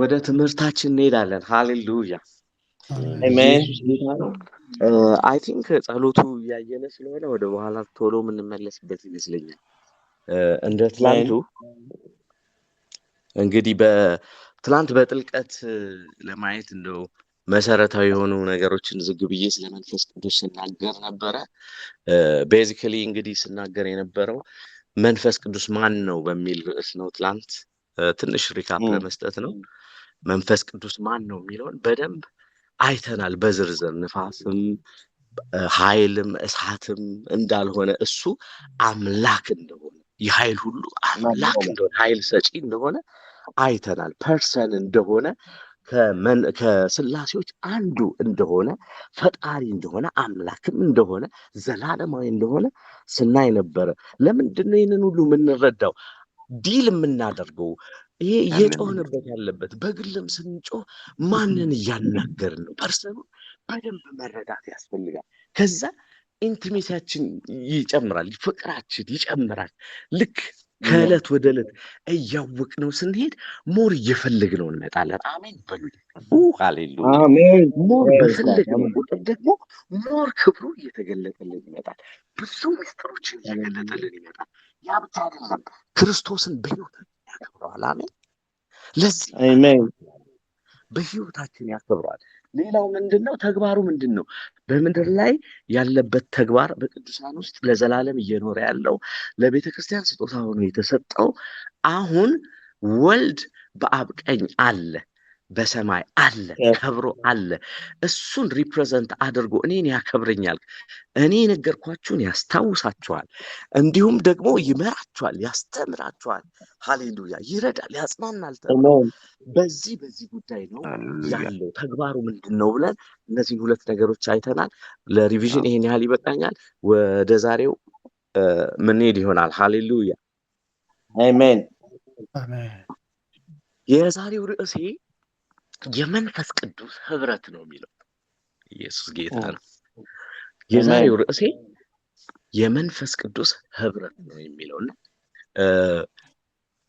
ወደ ትምህርታችን እንሄዳለን። ሀሌሉያ አይ ቲንክ ጸሎቱ እያየነ ስለሆነ ወደ በኋላ ቶሎ የምንመለስበት ይመስለኛል። እንደ ትላንቱ እንግዲህ በትላንት በጥልቀት ለማየት እንደው መሰረታዊ የሆኑ ነገሮችን ዝግብዬ ስለ መንፈስ ቅዱስ ስናገር ነበረ። ቤዚካሊ እንግዲህ ስናገር የነበረው መንፈስ ቅዱስ ማን ነው በሚል ርዕስ ነው። ትላንት ትንሽ ሪካፕ ለመስጠት ነው። መንፈስ ቅዱስ ማን ነው የሚለውን በደንብ አይተናል በዝርዝር ንፋስም ኃይልም እሳትም እንዳልሆነ እሱ አምላክ እንደሆነ የኃይል ሁሉ አምላክ እንደሆነ ኃይል ሰጪ እንደሆነ አይተናል። ፐርሰን እንደሆነ ከስላሴዎች አንዱ እንደሆነ ፈጣሪ እንደሆነ አምላክም እንደሆነ ዘላለማዊ እንደሆነ ስናይ ነበረ። ለምንድነው ይህንን ሁሉ የምንረዳው? ዲል የምናደርገው ይሄ እየጮህንበት ያለበት በግልም ስንጮህ ማንን እያናገርን ነው? ፐርሰኑ በደንብ መረዳት ያስፈልጋል። ከዛ ኢንቲሜታችን ይጨምራል፣ ፍቅራችን ይጨምራል። ልክ ከእለት ወደ ዕለት እያወቅ ነው ስንሄድ ሞር እየፈለግ ነው እንመጣለን። አሜን በሉ አሌሉ ሞር በፈለግ ነው ቁጥር ደግሞ ሞር ክብሩ እየተገለጠልን ይመጣል። ብዙ ሚስጥሮችን እየገለጠልን ይመጣል። ያ ብቻ አይደለም ክርስቶስን በሕይወታችን ያከብረዋል። አሜን። ለዚህ በህይወታችን ያከብረዋል። ሌላው ምንድን ነው? ተግባሩ ምንድን ነው? በምድር ላይ ያለበት ተግባር በቅዱሳን ውስጥ ለዘላለም እየኖረ ያለው ለቤተ ክርስቲያን ስጦታ ሆኖ የተሰጠው አሁን ወልድ በአብ ቀኝ አለ በሰማይ አለ ከብሮ አለ። እሱን ሪፕሬዘንት አድርጎ እኔን ያከብረኛል፣ እኔ የነገርኳችሁን ያስታውሳችኋል፣ እንዲሁም ደግሞ ይመራችኋል፣ ያስተምራችኋል። ሀሌሉያ! ይረዳል፣ ያጽናናል። በዚህ በዚህ ጉዳይ ነው ያለው ተግባሩ ምንድን ነው ብለን እነዚህን ሁለት ነገሮች አይተናል። ለሪቪዥን ይሄን ያህል ይበቃኛል። ወደ ዛሬው ምንሄድ ይሆናል። ሀሌሉያ! አሜን። የዛሬው ርዕሴ የመንፈስ ቅዱስ ህብረት ነው የሚለው ኢየሱስ ጌታ ነው። የዛሬው ርዕሴ የመንፈስ ቅዱስ ህብረት ነው የሚለው እና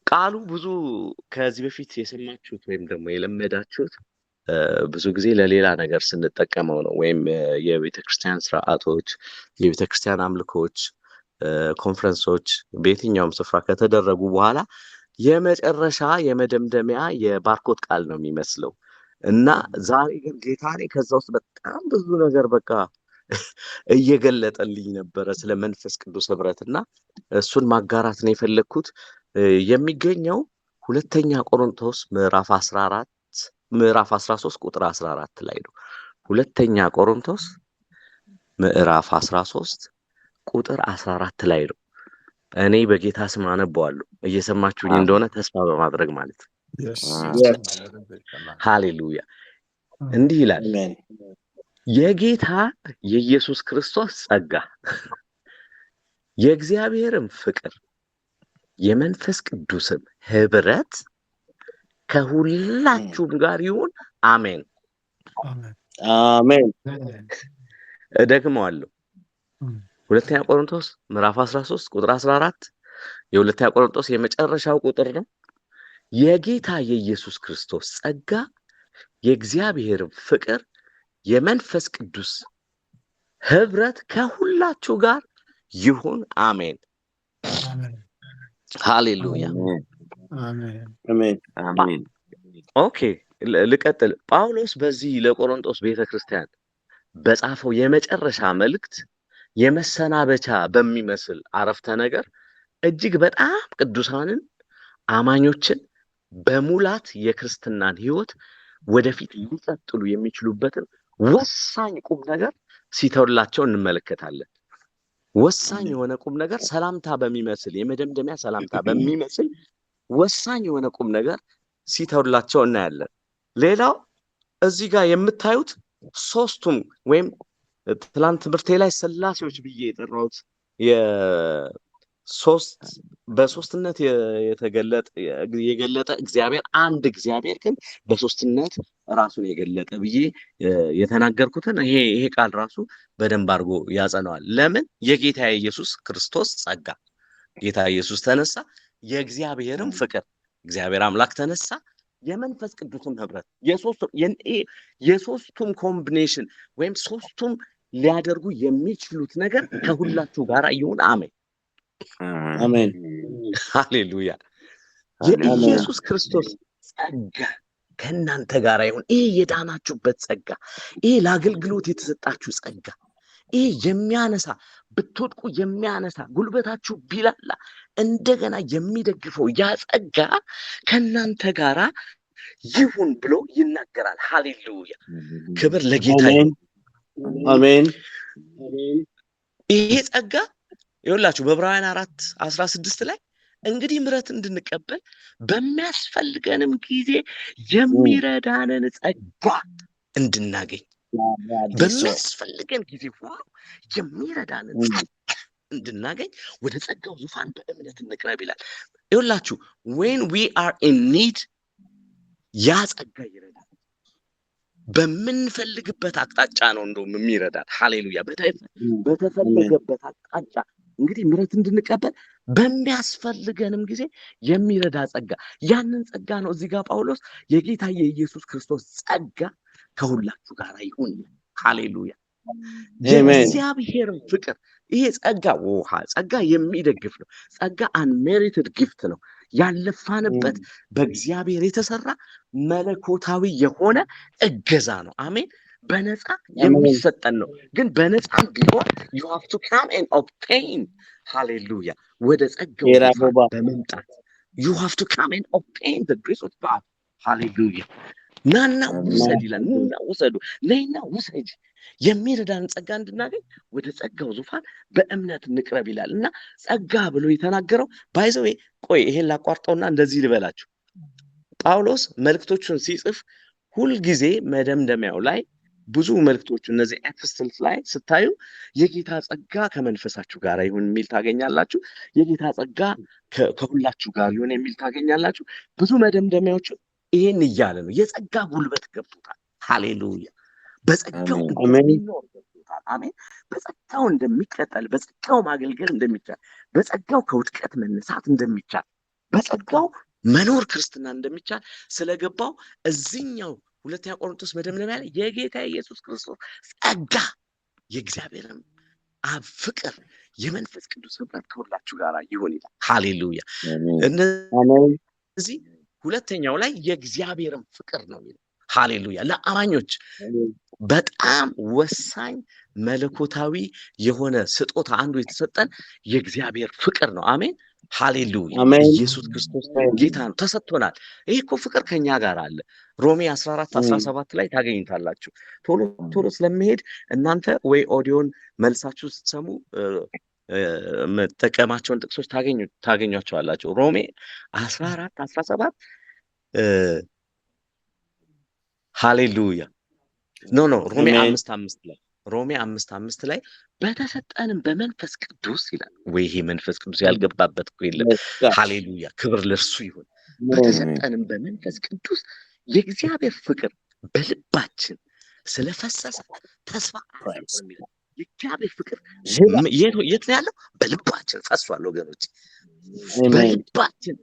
ቃሉ ብዙ ከዚህ በፊት የሰማችሁት ወይም ደግሞ የለመዳችሁት ብዙ ጊዜ ለሌላ ነገር ስንጠቀመው ነው። ወይም የቤተክርስቲያን ስርዓቶች፣ የቤተክርስቲያን አምልኮች፣ ኮንፈረንሶች በየትኛውም ስፍራ ከተደረጉ በኋላ የመጨረሻ የመደምደሚያ የባርኮት ቃል ነው የሚመስለው እና ዛሬ ግን ጌታ ከዛ ውስጥ በጣም ብዙ ነገር በቃ እየገለጠልኝ ነበረ ስለ መንፈስ ቅዱስ ህብረት እና እሱን ማጋራት ነው የፈለግኩት የሚገኘው ሁለተኛ ቆሮንቶስ ምዕራፍ 14 ምዕራፍ 13 ቁጥር 14 ላይ ነው ሁለተኛ ቆሮንቶስ ምዕራፍ 13 ቁጥር 14 ላይ ነው እኔ በጌታ ስም አነበዋለሁ እየሰማችሁኝ እንደሆነ ተስፋ በማድረግ ማለት ሃሌሉያ እንዲህ ይላል የጌታ የኢየሱስ ክርስቶስ ጸጋ የእግዚአብሔርም ፍቅር የመንፈስ ቅዱስም ህብረት ከሁላችሁም ጋር ይሁን አሜን አሜን እደግመዋለሁ ሁለተኛ ቆሮንቶስ ምዕራፍ 13 ቁጥር 14 የሁለተኛ ቆሮንቶስ የመጨረሻው ቁጥር ነው። የጌታ የኢየሱስ ክርስቶስ ጸጋ የእግዚአብሔር ፍቅር የመንፈስ ቅዱስ ህብረት ከሁላችሁ ጋር ይሁን። አሜን። ሃሌሉያ። ኦኬ፣ ልቀጥል። ጳውሎስ በዚህ ለቆሮንቶስ ቤተ ክርስቲያን በጻፈው የመጨረሻ መልእክት የመሰናበቻ በሚመስል አረፍተ ነገር እጅግ በጣም ቅዱሳንን አማኞችን በሙላት የክርስትናን ሕይወት ወደፊት ሊቀጥሉ የሚችሉበትን ወሳኝ ቁም ነገር ሲተውላቸው እንመለከታለን። ወሳኝ የሆነ ቁም ነገር ሰላምታ በሚመስል የመደምደሚያ ሰላምታ በሚመስል ወሳኝ የሆነ ቁም ነገር ሲተውላቸው እናያለን። ሌላው እዚህ ጋር የምታዩት ሶስቱም ወይም ትላንት ትምህርቴ ላይ ስላሴዎች ብዬ የጠራሁት በሶስትነት የገለጠ እግዚአብሔር አንድ እግዚአብሔር ግን በሶስትነት ራሱን የገለጠ ብዬ የተናገርኩትን ይሄ ይሄ ቃል ራሱ በደንብ አድርጎ ያጸነዋል። ለምን የጌታ የኢየሱስ ክርስቶስ ጸጋ ጌታ ኢየሱስ ተነሳ፣ የእግዚአብሔርም ፍቅር እግዚአብሔር አምላክ ተነሳ፣ የመንፈስ ቅዱስም ህብረት የሶስቱም ኮምቢኔሽን ወይም ሶስቱም ሊያደርጉ የሚችሉት ነገር ከሁላችሁ ጋር ይሁን። አሜን አሜን። ሃሌሉያ። የኢየሱስ ክርስቶስ ጸጋ ከእናንተ ጋር ይሁን። ይሄ የዳናችሁበት ጸጋ፣ ይሄ ለአገልግሎት የተሰጣችሁ ጸጋ፣ ይሄ የሚያነሳ ብትወድቁ የሚያነሳ ጉልበታችሁ ቢላላ እንደገና የሚደግፈው ያ ጸጋ ከእናንተ ጋራ ይሁን ብሎ ይናገራል። ሃሌሉያ ክብር ለጌታ አሜን። ይሄ ጸጋ ይኸውላችሁ በዕብራውያን አራት አስራ ስድስት ላይ እንግዲህ ምሕረት እንድንቀበል በሚያስፈልገንም ጊዜ የሚረዳንን ጸጋ እንድናገኝ በሚያስፈልገን ጊዜ የሚረዳንን እንድናገኝ ወደ ጸጋው ዙፋን በእምነት እንቅረብ ይላል። ይኸውላችሁ ዌን ዊ አር ኢን ኒድ ያ ጸጋ ይረዳል። በምንፈልግበት አቅጣጫ ነው እንደውም የሚረዳን። ሀሌሉያ! በተፈለገበት አቅጣጫ እንግዲህ ምረት እንድንቀበል በሚያስፈልገንም ጊዜ የሚረዳ ጸጋ፣ ያንን ጸጋ ነው እዚህ ጋር ጳውሎስ የጌታ የኢየሱስ ክርስቶስ ጸጋ ከሁላችሁ ጋር ይሁን። ሀሌሉያ! የእግዚአብሔር ፍቅር ይሄ ጸጋ ውሃ ጸጋ የሚደግፍ ነው። ጸጋ አንሜሪትድ ጊፍት ነው። ያልለፋንበት በእግዚአብሔር የተሰራ መለኮታዊ የሆነ እገዛ ነው። አሜን። በነፃ የሚሰጠን ነው። ግን በነፃ ቢሆን ዩ ሃቭ ቱ ካም ኤን ኦብቴን። ሃሌሉያ። ወደ ጸጋው በመምጣት ዩ ሃቭ ቱ ካም ዘ ግሬስ ኦፍ ጋድ። ሃሌሉያ። ናና ውሰድ ይላል። ና ውሰዱ፣ ነይና ውሰጅ የሚረዳን ጸጋ እንድናገኝ ወደ ጸጋው ዙፋን በእምነት እንቅረብ ይላል እና ጸጋ ብሎ የተናገረው ባይዘው። ቆይ ይሄን ላቋርጠውና እንደዚህ ልበላችሁ። ጳውሎስ መልክቶቹን ሲጽፍ ሁልጊዜ መደምደሚያው ላይ ብዙ መልክቶቹ እነዚህ ኤፕስትልስ ላይ ስታዩ የጌታ ጸጋ ከመንፈሳችሁ ጋር ይሁን የሚል ታገኛላችሁ። የጌታ ጸጋ ከሁላችሁ ጋር ይሁን የሚል ታገኛላችሁ። ብዙ መደምደሚያዎችን ይሄን እያለ ነው። የጸጋ ጉልበት ገብቶታል። ሃሌሉያ! በጸጋው እንደሚኖር ገብቶታል። አሜን። በጸጋው እንደሚቀጠል፣ በጸጋው ማገልገል እንደሚቻል፣ በጸጋው ከውድቀት መነሳት እንደሚቻል፣ በጸጋው መኖር ክርስትና እንደሚቻል ስለገባው እዚኛው ሁለተኛ ቆሮንቶስ መደምደሚያ ላይ የጌታ ኢየሱስ ክርስቶስ ጸጋ የእግዚአብሔርም አብ ፍቅር የመንፈስ ቅዱስ ህብረት ከሁላችሁ ጋር ይሆን ይላል። ሃሌሉያ! እነዚህ ሁለተኛው ላይ የእግዚአብሔርን ፍቅር ነው የሚለው። ሃሌሉያ! ለአማኞች በጣም ወሳኝ መለኮታዊ የሆነ ስጦታ አንዱ የተሰጠን የእግዚአብሔር ፍቅር ነው። አሜን፣ ሃሌሉያ! ኢየሱስ ክርስቶስ ጌታ ነው፣ ተሰጥቶናል። ይህ እኮ ፍቅር ከኛ ጋር አለ። ሮሜ 14 17 ላይ ታገኝታላችሁ። ቶሎ ቶሎ ስለመሄድ እናንተ ወይ ኦዲዮን መልሳችሁ ስትሰሙ መጠቀማቸውን ጥቅሶች ታገኟቸዋላቸው ሮሜ 14 17 ሃሌሉያ ኖ ኖ ሮሜ አምስት አምስት ላይ ሮሜ አምስት አምስት ላይ በተሰጠንም በመንፈስ ቅዱስ ይላል። ወይ ይሄ መንፈስ ቅዱስ ያልገባበት እኮ የለም። ሃሌሉያ ክብር ለእርሱ ይሁን። በተሰጠንም በመንፈስ ቅዱስ የእግዚአብሔር ፍቅር በልባችን ስለፈሰሰ ተስፋ የእግዚአብሔር ፍቅር የት ነው ያለው? በልባችን ፈሷል። ወገኖች በልባችን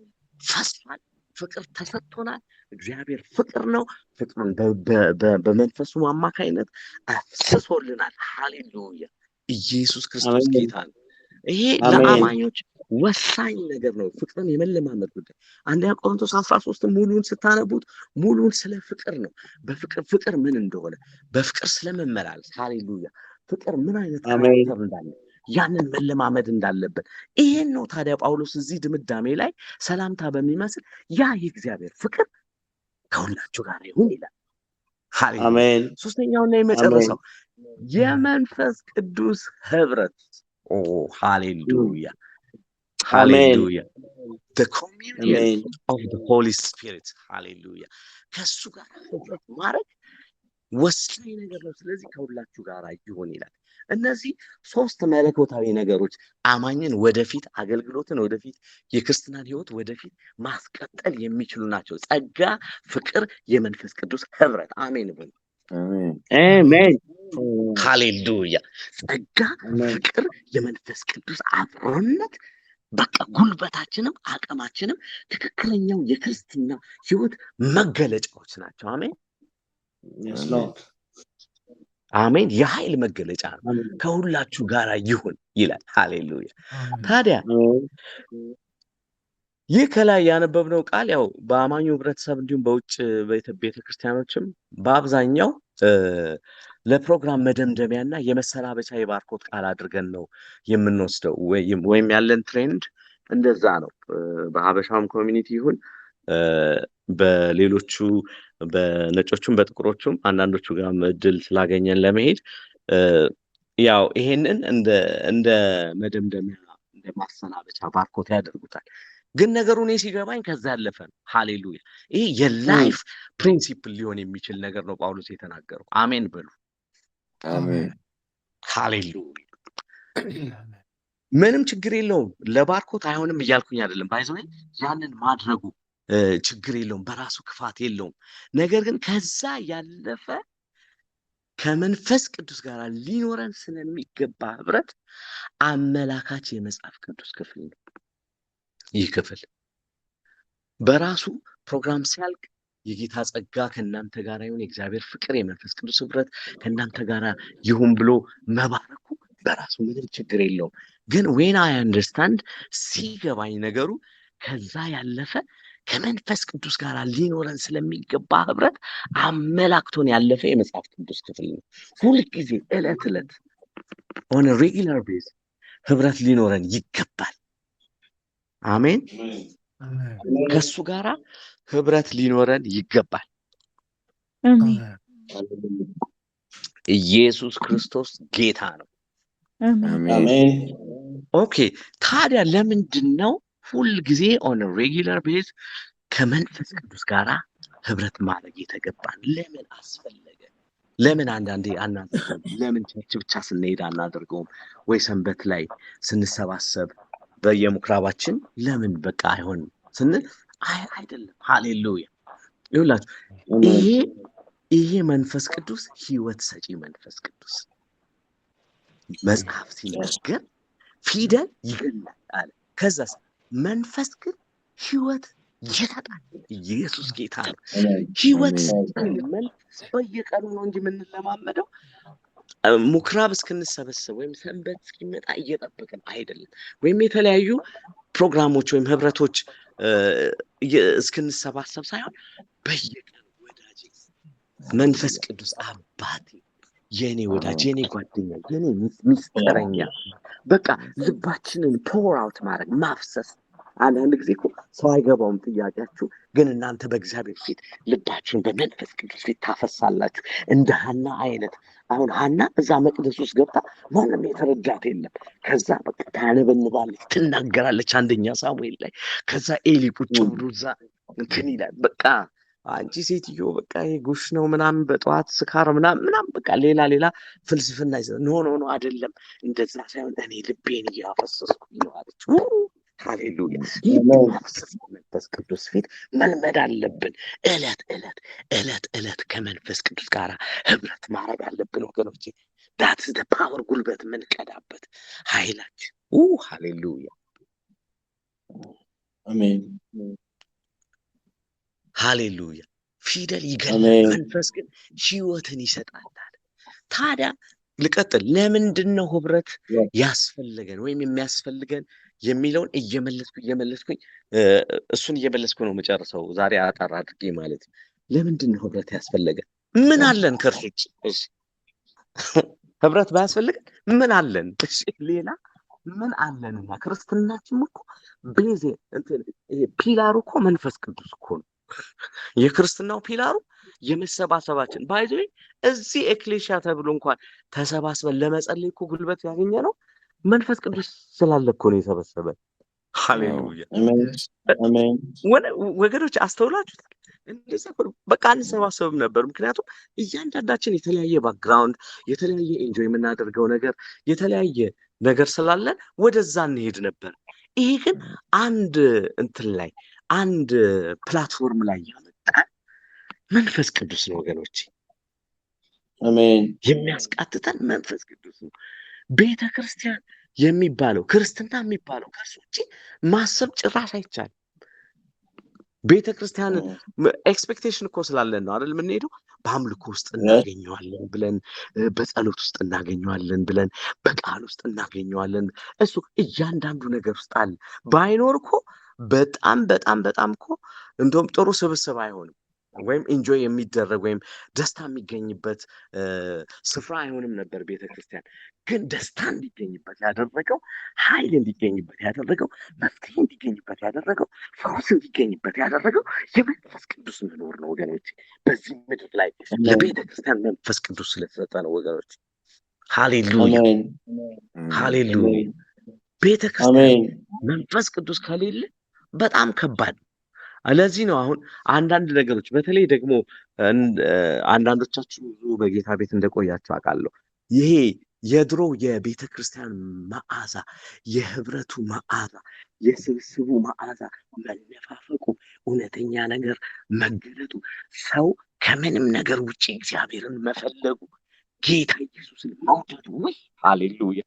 ፈሷል። ፍቅር ተሰጥቶናል። እግዚአብሔር ፍቅር ነው። ፍቅሩን በመንፈሱ አማካይነት አፍስሶልናል። ሀሌሉያ ኢየሱስ ክርስቶስ ጌታ ነው። ይሄ ለአማኞች ወሳኝ ነገር ነው። ፍቅርን የመለማመድ ጉዳይ አንደኛ ቆሮንቶስ አስራ ሶስት ሙሉን ስታነቡት ሙሉን ስለ ፍቅር ነው። በፍቅር ፍቅር ምን እንደሆነ፣ በፍቅር ስለመመላለስ ሀሌሉያ ፍቅር ምን አይነት ካራክተር እንዳለ ያንን መለማመድ እንዳለብን ይሄን ነው ታዲያ ጳውሎስ እዚህ ድምዳሜ ላይ ሰላምታ በሚመስል ያ የእግዚአብሔር ፍቅር ከሁላችሁ ጋር ይሁን ይላል። አሜን። ሶስተኛውና የመጨረሻው የመንፈስ ቅዱስ ህብረት። ሃሌሉያ ሃሌሉያ ከሱ ጋር ህብረት ማድረግ ወሳኝ ነገር ነው። ስለዚህ ከሁላችሁ ጋር ይሆን ይላል። እነዚህ ሶስት መለኮታዊ ነገሮች አማኝን ወደፊት አገልግሎትን ወደፊት የክርስትናን ህይወት ወደፊት ማስቀጠል የሚችሉ ናቸው። ጸጋ፣ ፍቅር፣ የመንፈስ ቅዱስ ህብረት። አሜን ብሎ አሜን። ሃሌሉያ። ጸጋ፣ ፍቅር፣ የመንፈስ ቅዱስ አብሮነት በቃ ጉልበታችንም አቅማችንም ትክክለኛው የክርስትና ህይወት መገለጫዎች ናቸው። አሜን አሜን። የኃይል መገለጫ ነው። ከሁላችሁ ጋር ይሁን ይላል። ሃሌሉያ። ታዲያ ይህ ከላይ ያነበብነው ቃል ያው በአማኙ ህብረተሰብ እንዲሁም በውጭ ቤተክርስቲያኖችም በአብዛኛው ለፕሮግራም መደምደሚያ ና የመሰናበቻ የባርኮት ቃል አድርገን ነው የምንወስደው ወይም ያለን ትሬንድ እንደዛ ነው። በሀበሻውም ኮሚኒቲ ይሁን በሌሎቹ በነጮቹም በጥቁሮቹም አንዳንዶቹ ጋር እድል ስላገኘን ለመሄድ ያው ይሄንን እንደ መደምደሚያ እንደ ማሰናበቻ ባርኮት ያደርጉታል። ግን ነገሩ እኔ ሲገባኝ ከዛ ያለፈ ነው። ሃሌሉያ ይሄ የላይፍ ፕሪንሲፕል ሊሆን የሚችል ነገር ነው ጳውሎስ የተናገረው። አሜን በሉ። ሀሌሉያ! ምንም ችግር የለውም ለባርኮት አይሆንም እያልኩኝ አይደለም። ባይዘ ያንን ማድረጉ ችግር የለውም፣ በራሱ ክፋት የለውም። ነገር ግን ከዛ ያለፈ ከመንፈስ ቅዱስ ጋር ሊኖረን ስለሚገባ ህብረት አመላካች የመጽሐፍ ቅዱስ ክፍል ነው። ይህ ክፍል በራሱ ፕሮግራም ሲያልቅ የጌታ ጸጋ ከእናንተ ጋር ይሁን፣ የእግዚአብሔር ፍቅር፣ የመንፈስ ቅዱስ ህብረት ከእናንተ ጋር ይሁን ብሎ መባረኩ በራሱ ምንም ችግር የለውም። ግን ዌን አይ አንደርስታንድ ሲገባኝ ነገሩ ከዛ ያለፈ ከመንፈስ ቅዱስ ጋር ሊኖረን ስለሚገባ ህብረት አመላክቶን ያለፈ የመጽሐፍ ቅዱስ ክፍል ነው። ሁልጊዜ እለት እለት ኦን ሬጊላር ቤዝ ህብረት ሊኖረን ይገባል። አሜን። ከሱ ጋራ ህብረት ሊኖረን ይገባል። ኢየሱስ ክርስቶስ ጌታ ነው። ኦኬ ታዲያ ለምንድን ነው ሁል ጊዜ ኦን ሬጊለር ቤዝ ከመንፈስ ቅዱስ ጋራ ህብረት ማድረግ የተገባን ለምን አስፈለገ? ለምን አንዳንዴ አናደርገውም? ለምን ቸርች ብቻ ስንሄድ አናደርገውም? ወይ ሰንበት ላይ ስንሰባሰብ በየምኩራባችን ለምን በቃ አይሆንም ስንል አይደለም። ሀሌሉያ ይሁላችሁ። ይሄ ይሄ መንፈስ ቅዱስ ህይወት ሰጪ መንፈስ ቅዱስ መጽሐፍ ሲነገር ፊደል ይገላል አለ። ከዛስ መንፈስ ግን ህይወት ይሰጣል። ኢየሱስ ጌታ ነው። ህይወት መንፈስ በየቀኑ ነው እንጂ የምንለማመደው ሙክራብ እስክንሰበስብ ወይም ሰንበት እስኪመጣ እየጠበቅን አይደለም። ወይም የተለያዩ ፕሮግራሞች ወይም ህብረቶች እስክንሰባሰብ ሳይሆን በየቀኑ ወዳጅ መንፈስ ቅዱስ አባቴ የኔ ወዳጅ የኔ ጓደኛ የእኔ ሚስጥረኛ በቃ ልባችንን ፖር አውት ማድረግ ማፍሰስ አንዳንድ ጊዜ እኮ ሰው አይገባውም ጥያቄያችሁ። ግን እናንተ በእግዚአብሔር ፊት ልባችሁን በመንፈስ ቅዱስ ፊት ታፈሳላችሁ። እንደ ሀና አይነት አሁን ሀና እዛ መቅደስ ውስጥ ገብታ ማንም የተረዳት የለም። ከዛ በቃ ታነበንባለች፣ ትናገራለች አንደኛ ሳሙኤል ላይ። ከዛ ኤሊ ቁጭ ብሎ እዛ እንትን ይላል በቃ አንቺ ሴትዮ በቃ ይሄ ጉሽ ነው ምናምን በጠዋት ስካር ምናምን ምናምን በቃ ሌላ ሌላ ፍልስፍና ይዘ ኖ ኖ ኖ አይደለም እንደዛ ሳይሆን እኔ ልቤን እያፈሰስኩ ነው ሃሌሉያ። መፍስ መንፈስ ቅዱስ ፊት መልመድ አለብን። እለት እለት እለት እለት ከመንፈስ ቅዱስ ጋር ህብረት ማድረግ አለብን ወገኖች። ዳትስ ፓወር ጉልበት ምንቀዳበት ኃይላችን። ሃሌሉያ አሜን። ሃሌሉያ። ፊደል ይገላል፣ መንፈስ ግን ህይወትን ይሰጣል። ታዲያ ልቀጥል። ለምንድን ነው ህብረት ያስፈልገን ወይም የሚያስፈልገን? የሚለውን እየመለስኩ እየመለስኩኝ እሱን እየመለስኩ ነው መጨረሰው ዛሬ አጠር አድርጌ ማለት ነው። ለምንድን ነው ህብረት ያስፈለገ? ምን አለን ከእርሱ ውጭ? ህብረት ባያስፈልገን ምን አለን? ሌላ ምን አለንና? ክርስትናችን እኮ ቤዜ ፒላሩ እኮ መንፈስ ቅዱስ እኮ ነው። የክርስትናው ፒላሩ የመሰባሰባችን ባይዘ እዚህ ኤክሌሽያ ተብሎ እንኳን ተሰባስበን ለመጸለይ እኮ ጉልበት ያገኘ ነው መንፈስ ቅዱስ ስላለ እኮ ነው የሰበሰበን። ሃሌሉያ ወገኖች፣ አስተውላችሁታል? እንደዛ በቃ አንሰባሰብም ነበር። ምክንያቱም እያንዳንዳችን የተለያየ ባክግራውንድ፣ የተለያየ ኤንጆይ የምናደርገው ነገር፣ የተለያየ ነገር ስላለን ወደዛ እንሄድ ነበር። ይሄ ግን አንድ እንትን ላይ አንድ ፕላትፎርም ላይ ያመጣን መንፈስ ቅዱስ ነው ወገኖች። የሚያስቃትተን መንፈስ ቅዱስ ነው። ቤተ ክርስቲያን የሚባለው ክርስትና የሚባለው ከእርሱ ውጭ ማሰብ ጭራሽ አይቻልም። ቤተ ክርስቲያን ኤክስፔክቴሽን እኮ ስላለን ነው አይደል? የምንሄደው በአምልኮ ውስጥ እናገኘዋለን ብለን፣ በጸሎት ውስጥ እናገኘዋለን ብለን፣ በቃል ውስጥ እናገኘዋለን። እሱ እያንዳንዱ ነገር ውስጥ አለ። ባይኖር እኮ በጣም በጣም በጣም እኮ እንደውም ጥሩ ስብስብ አይሆንም። ወይም ኢንጆይ የሚደረግ ወይም ደስታ የሚገኝበት ስፍራ አይሆንም ነበር ቤተ ክርስቲያን። ግን ደስታ እንዲገኝበት ያደረገው፣ ኃይል እንዲገኝበት ያደረገው፣ መፍትሄ እንዲገኝበት ያደረገው፣ ፈውስ እንዲገኝበት ያደረገው የመንፈስ ቅዱስ መኖር ነው ወገኖች። በዚህ ምድር ላይ ለቤተ ክርስቲያን መንፈስ ቅዱስ ስለተሰጠ ነው ወገኖች። ሃሌሉያ ሃሌሉያ። መንፈስ ቅዱስ ከሌለ በጣም ከባድ ነው። ለዚህ ነው አሁን አንዳንድ ነገሮች በተለይ ደግሞ አንዳንዶቻችሁ ብዙ በጌታ ቤት እንደቆያችሁ አውቃለሁ። ይሄ የድሮ የቤተ ክርስቲያን መዓዛ፣ የህብረቱ መዓዛ፣ የስብስቡ መዓዛ፣ መነፋፈቁ፣ እውነተኛ ነገር መገለጡ፣ ሰው ከምንም ነገር ውጭ እግዚአብሔርን መፈለጉ፣ ጌታ ኢየሱስን መውደዱ፣ ወይ ሃሌሉያ!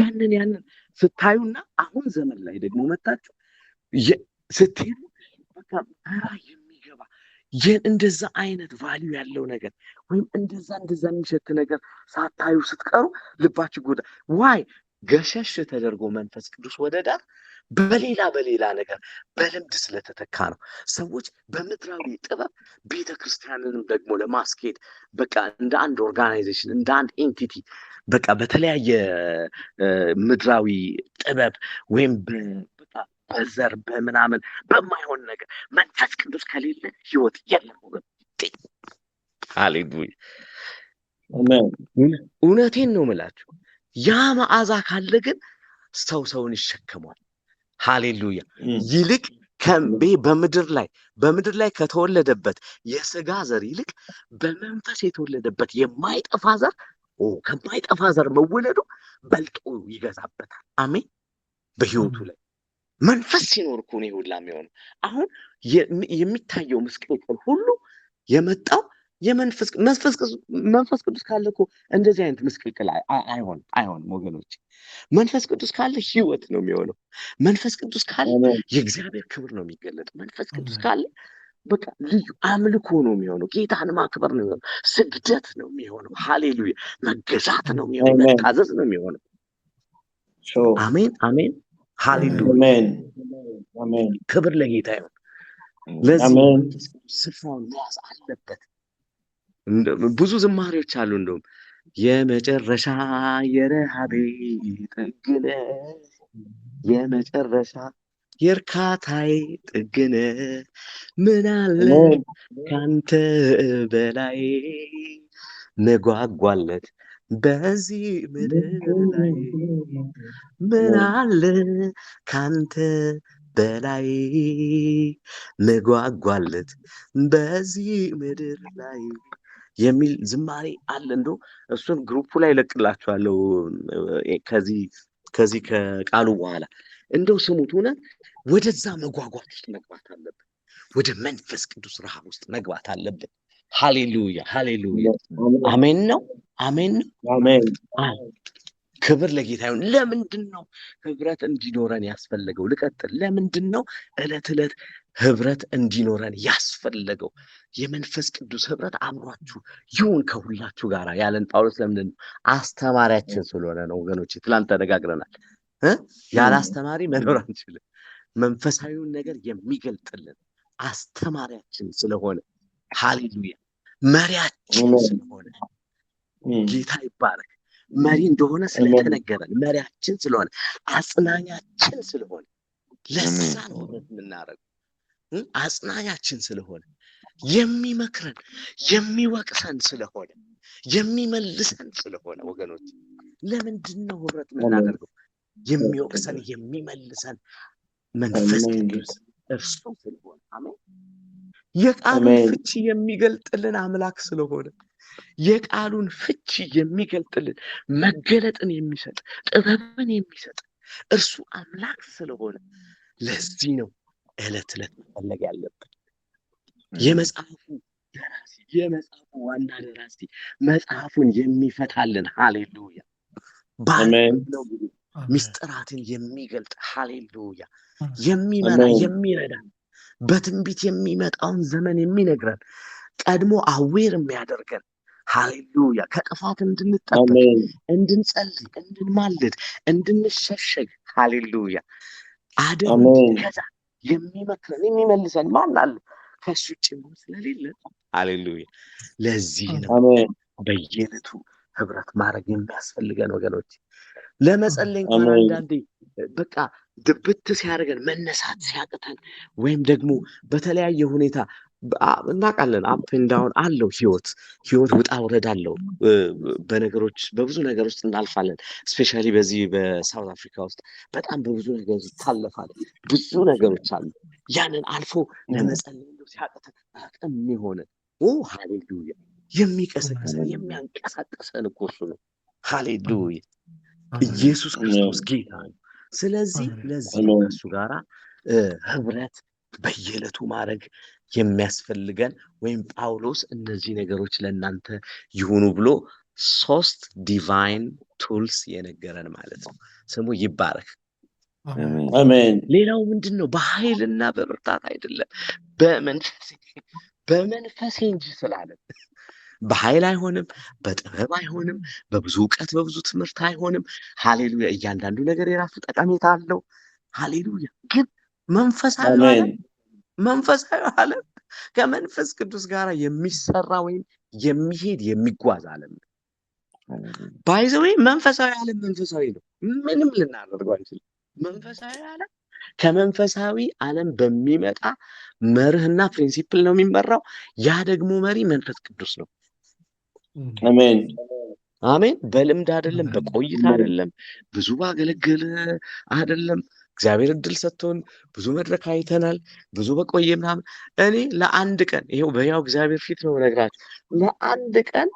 ያንን ያንን ስታዩና አሁን ዘመን ላይ ደግሞ መታችሁ ስትሄዱ በጣም ግራ የሚገባ ይህን እንደዛ አይነት ቫሊዩ ያለው ነገር ወይም እንደዛ እንደዛ የሚሸት ነገር ሳታዩ ስትቀሩ ልባችሁ ጎዳ ዋይ ገሸሽ ተደርጎ መንፈስ ቅዱስ ወደ ዳር በሌላ በሌላ ነገር በልምድ ስለተተካ ነው። ሰዎች በምድራዊ ጥበብ ቤተ ክርስቲያንንም ደግሞ ለማስኬድ በቃ እንደ አንድ ኦርጋናይዜሽን እንደ አንድ ኤንቲቲ በቃ በተለያየ ምድራዊ ጥበብ ወይም በዘር በምናምን በማይሆን ነገር መንፈስ ቅዱስ ከሌለ ህይወት የለም። ሃሌሉያ እውነቴን ነው ምላችሁ። ያ መዓዛ ካለ ግን ሰው ሰውን ይሸከሟል። ሃሌሉያ ይልቅ ከምቤ በምድር ላይ በምድር ላይ ከተወለደበት የስጋ ዘር ይልቅ በመንፈስ የተወለደበት የማይጠፋ ዘር ከማይጠፋ ዘር መወለዱ በልጦ ይገዛበታል። አሜን በህይወቱ ላይ መንፈስ ሲኖር እኮ ነው ሁላ የሚሆነው። አሁን የሚታየው ምስቅልቅል ሁሉ የመጣው የመንፈስ መንፈስ ቅዱስ ካለ እኮ እንደዚህ አይነት ምስቅልቅል አይሆንም አይሆንም ወገኖች። መንፈስ ቅዱስ ካለ ህይወት ነው የሚሆነው። መንፈስ ቅዱስ ካለ የእግዚአብሔር ክብር ነው የሚገለጥ። መንፈስ ቅዱስ ካለ በቃ ልዩ አምልኮ ነው የሚሆነው። ጌታን ማክበር ነው የሚሆነው። ስግደት ነው የሚሆነው። ሃሌሉያ መገዛት ነው የሚሆነው። መታዘዝ ነው የሚሆነው። አሜን አሜን። ሃሌሉያ ክብር ለጌታ ይሁን። ለዚህ ስፍራውን መያዝ አለበት። ብዙ ዝማሪዎች አሉ። እንደውም የመጨረሻ የረሃቤ ጥግነ የመጨረሻ የእርካታይ ጥግነ ምናለ ካንተ በላይ መጓጓለት በዚህ ምድር ላይ ምን አለ ካንተ በላይ ምጓጓለት በዚህ ምድር ላይ የሚል ዝማሬ አለ። እንዶ እሱን ግሩፑ ላይ ለቅላችኋለሁ። ከዚህ ከዚህ ከቃሉ በኋላ እንደው ስሙት ሆነ ወደዛ መጓጓት ውስጥ መግባት አለብን። ወደ መንፈስ ቅዱስ ረሃብ ውስጥ መግባት አለብን። ሃሌሉያ ሃሌሉያ። አሜን ነው፣ አሜን ነው። ክብር ለጌታ ይሁን። ለምንድን ነው ህብረት እንዲኖረን ያስፈለገው? ልቀጥል። ለምንድን ነው ዕለት ዕለት ህብረት እንዲኖረን ያስፈለገው? የመንፈስ ቅዱስ ህብረት አብሯችሁ ይሁን ከሁላችሁ ጋር ያለን ጳውሎስ ለምንድን ነው? አስተማሪያችን ስለሆነ ነው። ወገኖች ትላንት ተነጋግረናል። ያለ አስተማሪ መኖር አንችልም። መንፈሳዊውን ነገር የሚገልጥልን አስተማሪያችን ስለሆነ ሃሌሉያ። መሪያችን ስለሆነ ጌታ ይባረክ። መሪ እንደሆነ ስለተነገረን መሪያችን ስለሆነ አጽናኛችን ስለሆነ ለዛ ነው የምናደርገው። አጽናኛችን ስለሆነ የሚመክረን የሚወቅሰን ስለሆነ የሚመልሰን ስለሆነ ወገኖች፣ ለምንድን ነው ህብረት የምናደርገው? የሚወቅሰን የሚመልሰን መንፈስ ቅዱስ እርሱ ስለሆነ አሜን። የቃሉን ፍቺ የሚገልጥልን አምላክ ስለሆነ የቃሉን ፍቺ የሚገልጥልን መገለጥን የሚሰጥ ጥበብን የሚሰጥ እርሱ አምላክ ስለሆነ ለዚህ ነው እለት እለት መፈለግ ያለብን። የመጽሐፉ ደራሲ የመጽሐፉ ዋና ደራሲ መጽሐፉን የሚፈታልን ሃሌሉያ ባለው ምስጢራትን የሚገልጥ ሃሌሉያ የሚመራ የሚረዳ በትንቢት የሚመጣውን ዘመን የሚነግረን ቀድሞ አዌር የሚያደርገን ሃሌሉያ ከጥፋት እንድንጠብቅ እንድንጸልይ እንድንማልድ እንድንሸሸግ ሃሌሉያ አደም እንድንገዛ የሚመክረን የሚመልሰን ማን አለ ከሱ ውጭ ስለሌለ ሃሌሉያ ለዚህ ነው በየነቱ ህብረት ማድረግ የሚያስፈልገን ወገኖች ለመጸለኝ አንዳንዴ በቃ ድብት ሲያደርገን መነሳት ሲያቅተን ወይም ደግሞ በተለያየ ሁኔታ እናውቃለን። አፕንዳውን አለው ህይወት ህይወት ውጣ ውረድ አለው። በነገሮች በብዙ ነገር ውስጥ እናልፋለን። እስፔሻሊ በዚህ በሳውት አፍሪካ ውስጥ በጣም በብዙ ነገር ይታለፋል። ብዙ ነገሮች አሉ። ያንን አልፎ ለመጸለይ ሲያቅተ አቅም የሆነ ሃሌሉያ የሚቀሰቅሰን የሚያንቀሳቀሰን እኮ እሱ ነው። ሃሌሉያ ኢየሱስ ክርስቶስ ጌታ ነው። ስለዚህ ለዚህ እነሱ ጋራ ህብረት በየዕለቱ ማድረግ የሚያስፈልገን ወይም ጳውሎስ እነዚህ ነገሮች ለእናንተ ይሁኑ ብሎ ሶስት ዲቫይን ቱልስ የነገረን ማለት ነው። ስሙ ይባረክ። ሌላው ምንድን ነው? በኃይልና በብርታት አይደለም በመንፈሴ በመንፈሴ እንጂ ስላለን በኃይል አይሆንም፣ በጥበብ አይሆንም፣ በብዙ እውቀት በብዙ ትምህርት አይሆንም። ሃሌሉያ! እያንዳንዱ ነገር የራሱ ጠቀሜታ አለው። ሃሌሉያ! ግን መንፈሳዊ መንፈሳዊ ዓለም ከመንፈስ ቅዱስ ጋር የሚሰራ ወይም የሚሄድ የሚጓዝ ዓለም ነው። መንፈሳዊ ዓለም መንፈሳዊ ነው። ምንም ልናደርገው አንችልም። መንፈሳዊ ዓለም ከመንፈሳዊ ዓለም በሚመጣ መርህና ፕሪንሲፕል ነው የሚመራው። ያ ደግሞ መሪ መንፈስ ቅዱስ ነው። አሜን አሜን። በልምድ አይደለም፣ በቆይታ አይደለም፣ ብዙ ባገለገለ አይደለም። እግዚአብሔር እድል ሰጥቶን ብዙ መድረክ አይተናል፣ ብዙ በቆየ ምናምን። እኔ ለአንድ ቀን ይሄው በያው እግዚአብሔር ፊት ነው እነግራችሁ፣ ለአንድ ቀን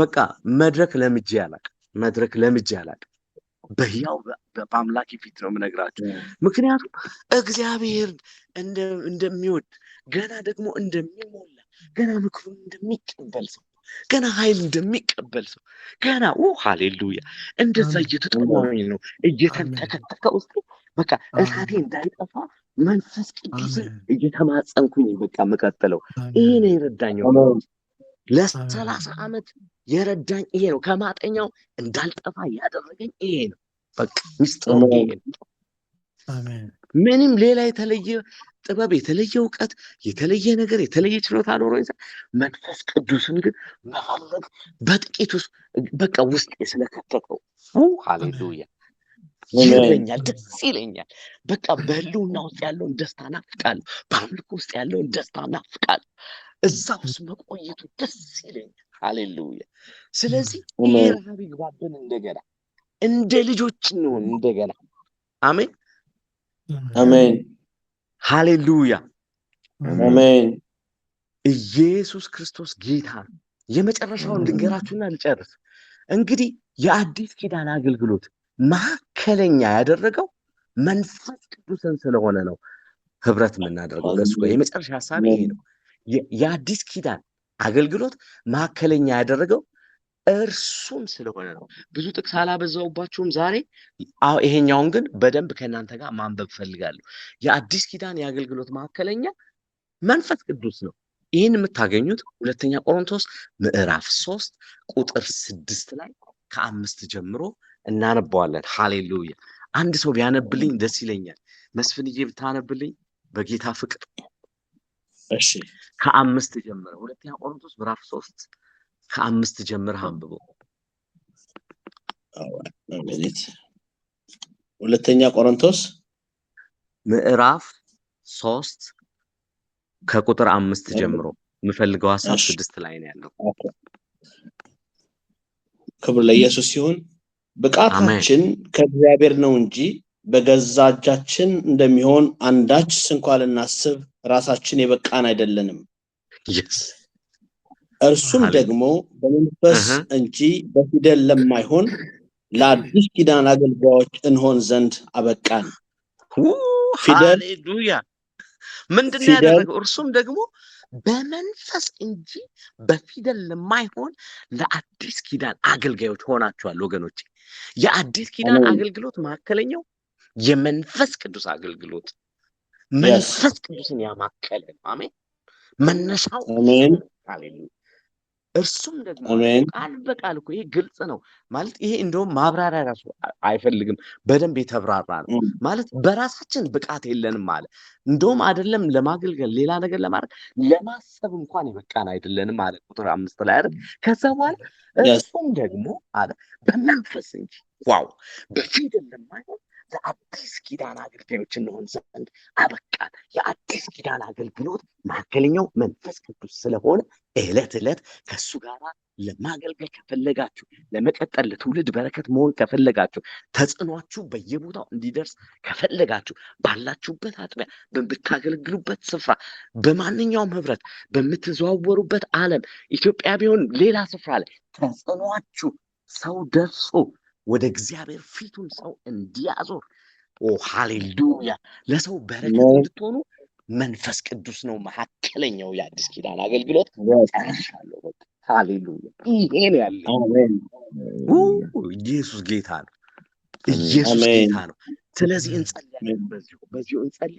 በቃ መድረክ ለምጄ አላቅም፣ መድረክ ለምጄ አላቅም። በያው በአምላክ ፊት ነው የምነግራቸው። ምክንያቱም እግዚአብሔር እንደሚወድ ገና ደግሞ እንደሚሞላ ገና ምክሩን እንደሚቀበል ሰው ገና ኃይል እንደሚቀበል ሰው ገና ው ሃሌሉያ እንደዛ እየተጠማኝ ነው እየተንተከተከ ውስጥ በቃ እሳቴ እንዳይጠፋ መንፈስ ቅዱስ እየተማጸንኩኝ በቃ የምቀጥለው ይሄ ነው የረዳኛው ለሰላሳ ዓመት የረዳኝ ይሄ ነው። ከማጠኛው እንዳልጠፋ እያደረገኝ ይሄ ነው። በቃ ሚስጥሩ ይሄ ነው። ምንም ሌላ የተለየ ጥበብ፣ የተለየ እውቀት፣ የተለየ ነገር፣ የተለየ ችሎታ ኖሮ መንፈስ ቅዱስን ግን መፈለግ በጥቂት ውስጥ በቃ ውስጥ ስለከተተው ሃሌሉያ ይለኛል፣ ደስ ይለኛል። በቃ በህልውና ውስጥ ያለውን ደስታ ናፍቃል። በአምልኮ ውስጥ ያለውን ደስታ ናፍቃል። እዛ ውስጥ መቆየቱ ደስ ይለኛል። ሃሌሉያ። ስለዚህ ይህ ረሃብ ይግባብን እንደገና እንደ ልጆች እንሆን እንደገና አሜን። አሜን። ሃሌሉያ አሜን። ኢየሱስ ክርስቶስ ጌታ ነው። የመጨረሻውን ልንገራችሁና ልጨርስ። እንግዲህ የአዲስ ኪዳን አገልግሎት ማዕከለኛ ያደረገው መንፈስ ቅዱስን ስለሆነ ነው ህብረት የምናደርገው ከእሱ ጋር። የመጨረሻ ሀሳብ ይሄ ነው። የአዲስ ኪዳን አገልግሎት ማዕከለኛ ያደረገው እርሱም ስለሆነ ነው። ብዙ ጥቅስ አላበዛውባችሁም ዛሬ። ይሄኛውን ግን በደንብ ከእናንተ ጋር ማንበብ ፈልጋለሁ። የአዲስ ኪዳን የአገልግሎት ማዕከለኛ መንፈስ ቅዱስ ነው። ይህን የምታገኙት ሁለተኛ ቆሮንቶስ ምዕራፍ ሶስት ቁጥር ስድስት ላይ ከአምስት ጀምሮ እናነባዋለን። ሃሌሉያ! አንድ ሰው ቢያነብልኝ ደስ ይለኛል። መስፍንዬ ብታነብልኝ በጌታ ፍቅር። ከአምስት ጀምረ ሁለተኛ ቆሮንቶስ ምዕራፍ ሶስት ከአምስት ጀምር አንብቦ ሁለተኛ ቆሮንቶስ ምዕራፍ ሶስት ከቁጥር አምስት ጀምሮ የምፈልገው ሀሳብ ስድስት ላይ ነው ያለው። ክብር ለኢየሱስ ሲሆን ብቃታችን ከእግዚአብሔር ነው እንጂ በገዛ እጃችን እንደሚሆን አንዳች ስንኳ ልናስብ ራሳችን የበቃን አይደለንም። እርሱም ደግሞ በመንፈስ እንጂ በፊደል ለማይሆን ለአዲስ ኪዳን አገልጋዮች እንሆን ዘንድ አበቃን። ሃሌሉያ! ምንድን ያደረገው? እርሱም ደግሞ በመንፈስ እንጂ በፊደል ለማይሆን ለአዲስ ኪዳን አገልጋዮች ሆናችኋል። ወገኖች፣ የአዲስ ኪዳን አገልግሎት መካከለኛው የመንፈስ ቅዱስ አገልግሎት መንፈስ ቅዱስን ያማከለ አሜን። መነሻው አሜን። ሃሌሉያ እርሱም ደግሞ ቃል በቃል እኮ ይሄ ግልጽ ነው ማለት ይሄ እንደውም ማብራሪያ ራሱ አይፈልግም። በደንብ የተብራራ ነው ማለት በራሳችን ብቃት የለንም አለ። እንደውም አይደለም ለማገልገል ሌላ ነገር ለማድረግ ለማሰብ እንኳን የበቃን አይደለንም አለ። ቁጥር አምስት ላይ አይደል? ከዛ በኋላ እርሱም ደግሞ አለ በመንፈስ እንጂ ዋው በፊት እንደማይሆን ለአዲስ ኪዳን አገልጋዮች እንሆን ዘንድ አበቃን። የአዲስ ኪዳን አገልግሎት ማዕከለኛው መንፈስ ቅዱስ ስለሆነ እለት እለት ከእሱ ጋር ለማገልገል ከፈለጋችሁ ለመቀጠል ለትውልድ በረከት መሆን ከፈለጋችሁ ተጽዕኗችሁ በየቦታው እንዲደርስ ከፈለጋችሁ ባላችሁበት አጥቢያ፣ በምታገለግሉበት ስፍራ፣ በማንኛውም ህብረት፣ በምትዘዋወሩበት ዓለም ኢትዮጵያ ቢሆን ሌላ ስፍራ ላይ ተጽዕኗችሁ ሰው ደርሶ ወደ እግዚአብሔር ፊቱን ሰው እንዲያዞር ኦ ሃሌሉያ ለሰው በረከት እንድትሆኑ መንፈስ ቅዱስ ነው መካከለኛው የአዲስ ኪዳን አገልግሎት ጨርሻለሁ። ሃሌሉያ። ይሄ ነው ያለ። ኢየሱስ ጌታ ነው። ኢየሱስ ጌታ ነው። ስለዚህ እንጸልያለን። በዚሁ በዚሁ እንጸልይ።